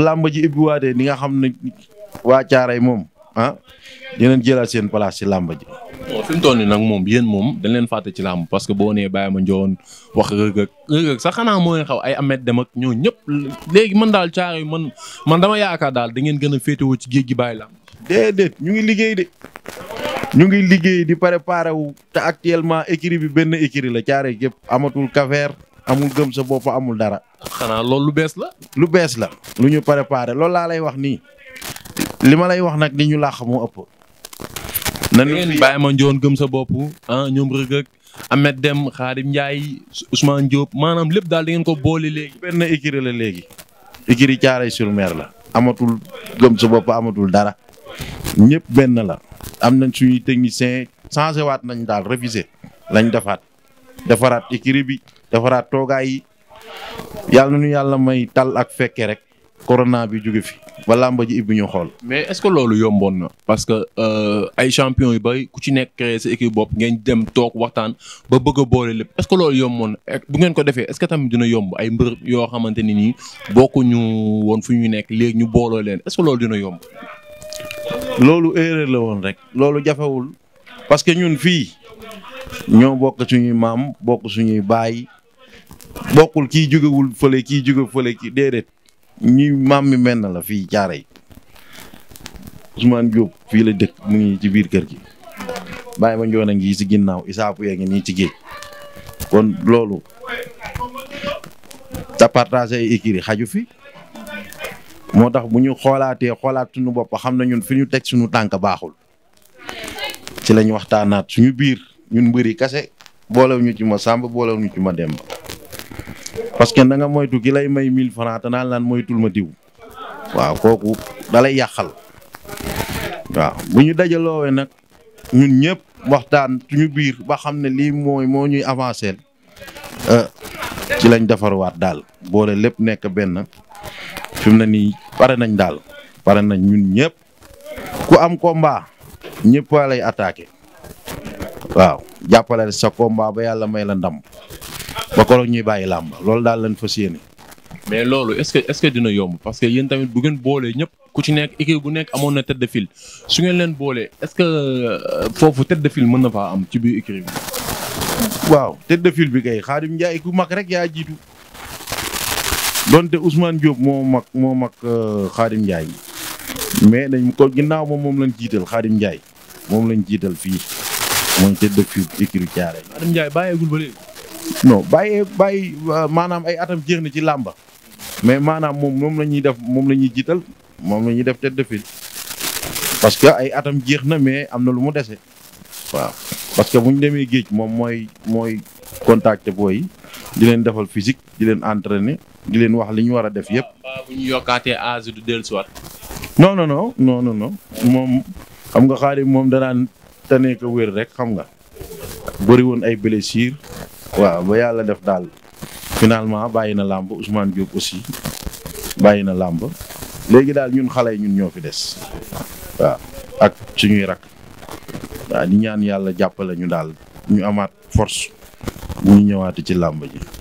làmb ji ibbiwaatee ni nga xam ne waa caaray moom ah dinañ jëlaat seen place ci làmb ji. bon fi nag moom yéen moom dañ leen fàtte ci làmb parce que boo nee bàyyi ma njoon wax rëgg rëgg sax xanaa moo xaw ay amet dem ak ñoo ñëpp léegi man daal caaray man man dama yaakaar daal da ngeen gën a féetewoo ci géej gi baay làmb. déedéet ñu ngi liggéey de ñu ngi liggéey di pare parewu te actuellement écurie bi benn écurie la caaray gépp amatul kafeer amul gëm sa bopp amul dara. xanaa loolu lu bees la. lu bees la lu ñu préparé loolu laa lay wax ni li ma lay wax nag li ñu làq moo ëpp. na ngeen bàyyi ma njoon gëm sa bopp a ah, ñoom Reug Reug Ahmed Deme Khadim Ndiaye Ousmane Diop maanaam lépp daal da ngeen ko boole léegi. benn écurie la léegi. écurie Thiaroye sur la. amatul gëm sa bopp amatul dara. ñëpp benn la. am nañ suñuy technicien changé waat nañ daal révisé lañ defaat defaraat écurie bi defaraat toogaay yàlla na ñu yàlla may tal ak fekke rek corona bi juge fi ba làmba ji bu ñu xool. mais est-ce loolu yomboon na. parce que euh, ay champion yu bay ku ci nekk créé sa équipe bopp ngeen dem toog waxtaan ba bëgg boole lépp est-ce loolu yomboon na bu ngeen ko defee est-ce que tamit dina yomb ay mbër yoo xamante ni nii bokkuñu woon fu ñu nekk léegi ñu boole leen est-ce que loolu dina yomb. loolu erreur la woon rek. loolu jafewul parce que ñun fii ñoo bokk suñuy maam bokk suñuy baay. bokkul kii jógewul fële kii jóge fële kii déedéet ñi maam mi mel na la fi jaare yi Ousmane Diop fii la dëkk mu ngi ci biir kër gi bàyyi ma njoon a ngi si ginnaaw isaapu yee ngi nii ci géej kon loolu te partagé ay écrits xaju fi moo tax bu ñu xoolaatee xoolaat suñu bopp xam na ñun fi ñu teg suñu tànk baaxul ci lañu waxtaanaat suñu biir ñun mbëri kase boole ñu ci ma sàmb boole ñu ci ma demba parce que nanga moytu ki lay may 1000 francs te naan laan moytul ma diw waaw kooku dalay yàqal waaw bu ñu dajaloowee nag ñun ñëpp waxtaan suñu biir ba xam ne lii mooy moo ñuy avancer euh, ci lañ defarwaat daal boole lépp nekk benn fi mu ne nii pare nañ daal pare nañ ñun ñëpp ku am ko combat ñëpp lay attaqué waaw jàppale sa combat ba yàlla may la ndam ba koroog ñuy bàyyi làmb loolu daal lañ fas yéene. mais loolu est-ce que est-ce dina yomb parce que yéen tamit bu ngeen boolee ñëpp ku ci nekk équipe bu nekk amoon na tête de su ngeen leen boolee est-ce que euh, foofu tête de mën na faa am ci biir équipe bi. waaw tête de bi kay Xaadim Njaay ku mag rek yaa jiitu donte Ousmane Diop moo mag moo mag Xaadim euh, Njaay mais dañ ko ginnaaw moom moom lañ jiital Xaadim Njaay moom lañ jiital fii mooy tête de file équipe Xaadim Njaay bàyyeegul ba léegi. non bàyyi bàyyi euh, maanaam ay atam jeex na ci làmba mais maanaam moom moom la ñuy def moom la ñuy jiital moom la ñuy def tête de file parce que ay atam jeex na mais am na lu mu dese waaw parce que bu ñu demee géej moom mooy mooy contacté booy yi di leen defal physique di leen entraîner di leen wax li ñu war a def yëpp. bu ñu yokkaatee âge du dellusiwaat. non non non non moom xam nga xaalis moom danaan tane ko wér rek xam nga bëri woon ay blessures waaw ba yàlla def daal finalement bàyyi na làmb Ousmane Diop aussi bàyyi na làmb léegi daal ñun xale yi ñun ñoo fi des waaw ak suñuy rak waa di ñaan yàlla jàppale ñu daal ñu amaat force ñu ñëwaati ci làmb ji